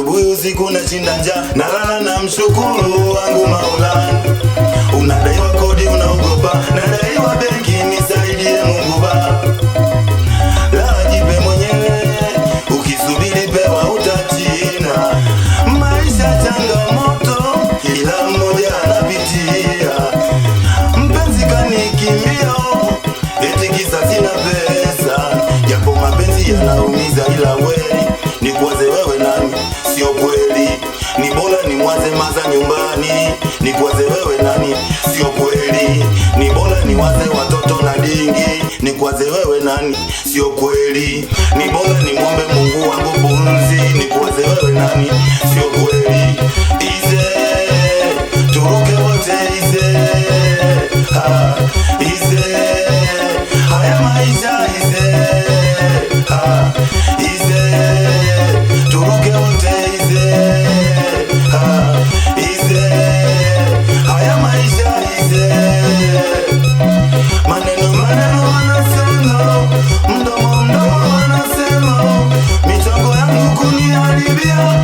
asubuhi, usiku na shinda njaa, nalala na mshukuru wangu Maulana. Unadaiwa kodi unaogopa, nadaiwa benki sio kweli, ni bora ni mwaze maza nyumbani, ni kwaze wewe nani, sio kweli, ni bora ni waze watoto na dingi, ni kwaze wewe nani, sio kweli, ni bora ni mwombe Mungu wangu pumzi, ni kwaze wewe nani, sio kweli, ize turuke wote ize ha, ize haya maisha ize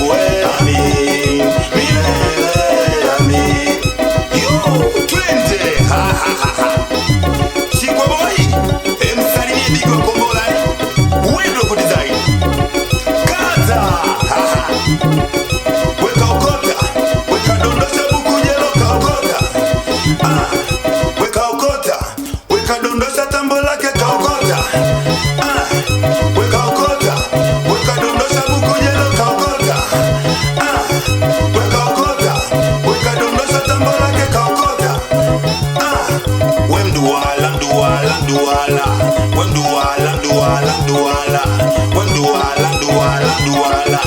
away. duala wen duala duala duala wen duala duala duala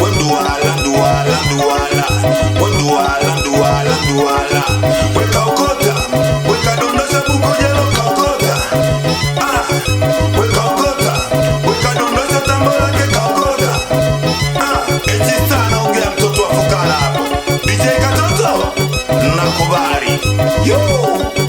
wen duala duala duala wen duala duala duala wekaokota wekadondoza bukojelo kaokota ah wekaokota wekadondoza tambolake kaokota ah ejista anaongea mtoto wa fukara hapo dj katoto nakubali yo